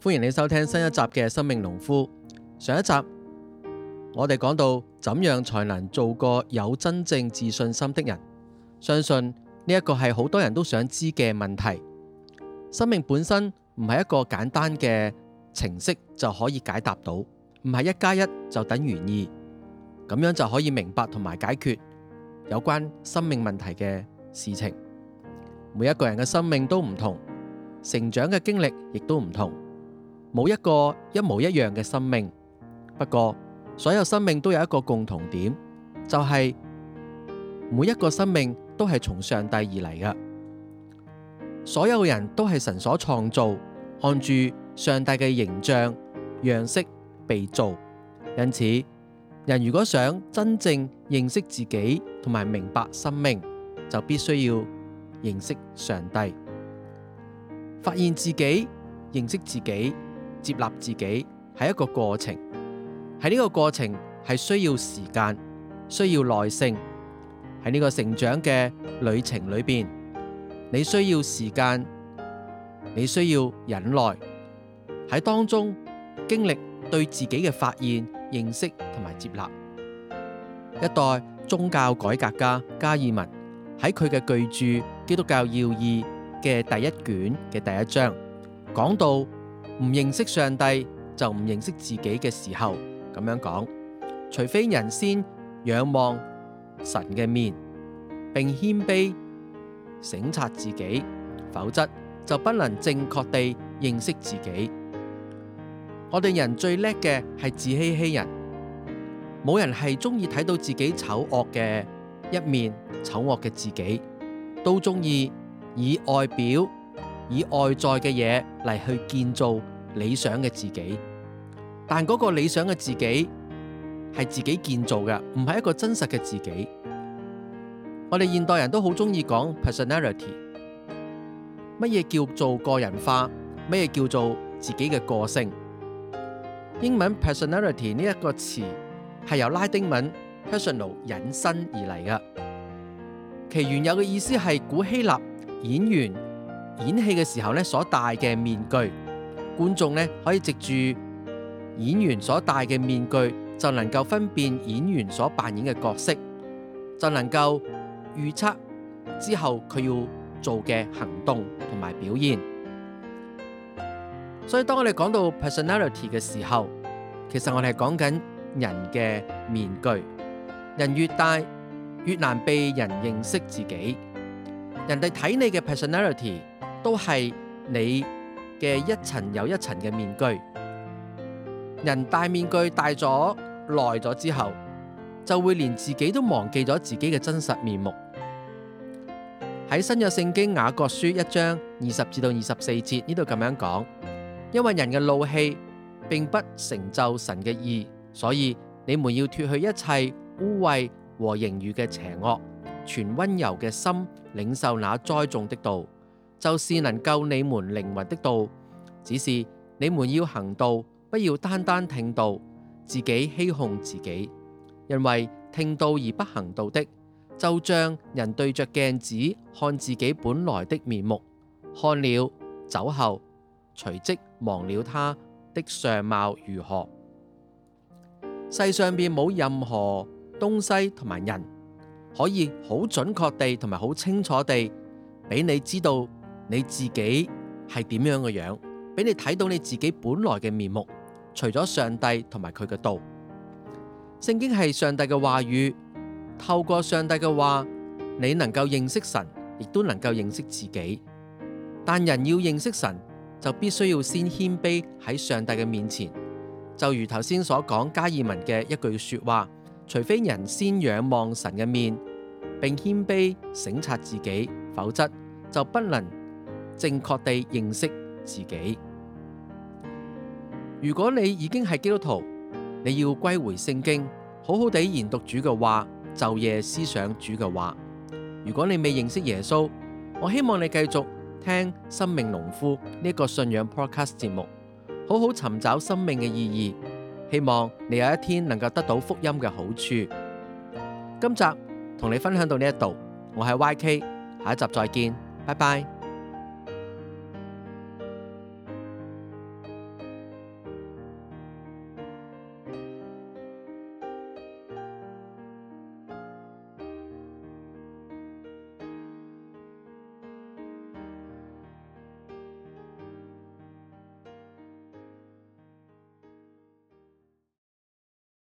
歡迎你收聽新一集嘅《生命農夫》。上一集我哋講到，怎樣才能做個有真正自信心的人？相信呢一個係好多人都想知嘅問題。生命本身唔係一個簡單嘅程式就可以解答到，唔係一加一就等於二，咁樣就可以明白同埋解決有關生命問題嘅事情。每一個人嘅生命都唔同，成長嘅經歷亦都唔同。冇一個一模一樣嘅生命，不過，所有生命都有一個共同點，就係每一個生命都係從上帝而嚟嘅。所有人都係神所創造，按住上帝嘅形象、樣式被造。因此，人如果想真正認識自己同埋明白生命，就必須要認識上帝，發現自己，認識自己。接納自己係一個過程，喺呢個過程係需要時間，需要耐性，喺呢個成長嘅旅程裏邊，你需要時間，你需要忍耐，喺當中經歷對自己嘅發現、認識同埋接納。一代宗教改革家加爾文喺佢嘅巨著《基督教要義》嘅第一卷嘅第一章講到。唔認識上帝就唔認識自己嘅時候，咁樣講，除非人先仰望神嘅面，並謙卑省察自己，否則就不能正確地認識自己。我哋人最叻嘅係自欺欺人，冇人係中意睇到自己醜惡嘅一面，醜惡嘅自己都中意以外表、以外在嘅嘢嚟去建造理想嘅自己，但嗰個理想嘅自己係自己建造嘅，唔係一個真實嘅自己。我哋現代人都好中意講 personality，乜嘢叫做個人化？乜嘢叫做自己嘅個性？英文 personality 呢一個詞係由拉丁文 personal 引申而嚟嘅，其原有嘅意思係古希臘演員演戲嘅時候咧所戴嘅面具。觀眾咧可以藉住演員所戴嘅面具，就能夠分辨演員所扮演嘅角色，就能夠預測之後佢要做嘅行動同埋表現。所以當我哋講到 personality 嘅時候，其實我哋係講緊人嘅面具。人越大越難被人認識自己，人哋睇你嘅 personality 都係你嘅一層又一層嘅面具，人戴面具戴咗耐咗之後，就會連自己都忘記咗自己嘅真實面目。喺新約聖經雅各書一章二十至到二十四節呢度咁樣講，因為人嘅怒氣並不成就神嘅義，所以你們要脱去一切污穢和盈餘嘅邪惡，存温柔嘅心，領受那栽種的道。就是能救你們靈魂的道，只是你們要行道，不要單單聽道，自己欺哄自己。因為聽道而不行道的，就像人對着鏡子看自己本來的面目，看了走後，隨即忘了他的相貌如何。世上邊冇任何東西同埋人可以好準確地同埋好清楚地俾你知道。你自己係點樣嘅樣，俾你睇到你自己本來嘅面目。除咗上帝同埋佢嘅道，聖經係上帝嘅話語，透過上帝嘅話，你能夠認識神，亦都能夠認識自己。但人要認識神，就必須要先謙卑喺上帝嘅面前。就如頭先所講加爾文嘅一句說話，除非人先仰望神嘅面，並謙卑省察自己，否則就不能。正確地認識自己。如果你已經係基督徒，你要歸回聖經，好好地研讀主嘅話，晝夜思想主嘅話。如果你未認識耶穌，我希望你繼續聽《生命農夫》呢個信仰 Podcast 節目，好好尋找生命嘅意義。希望你有一天能夠得到福音嘅好處。今集同你分享到呢一度，我係 YK，下一集再見，拜拜。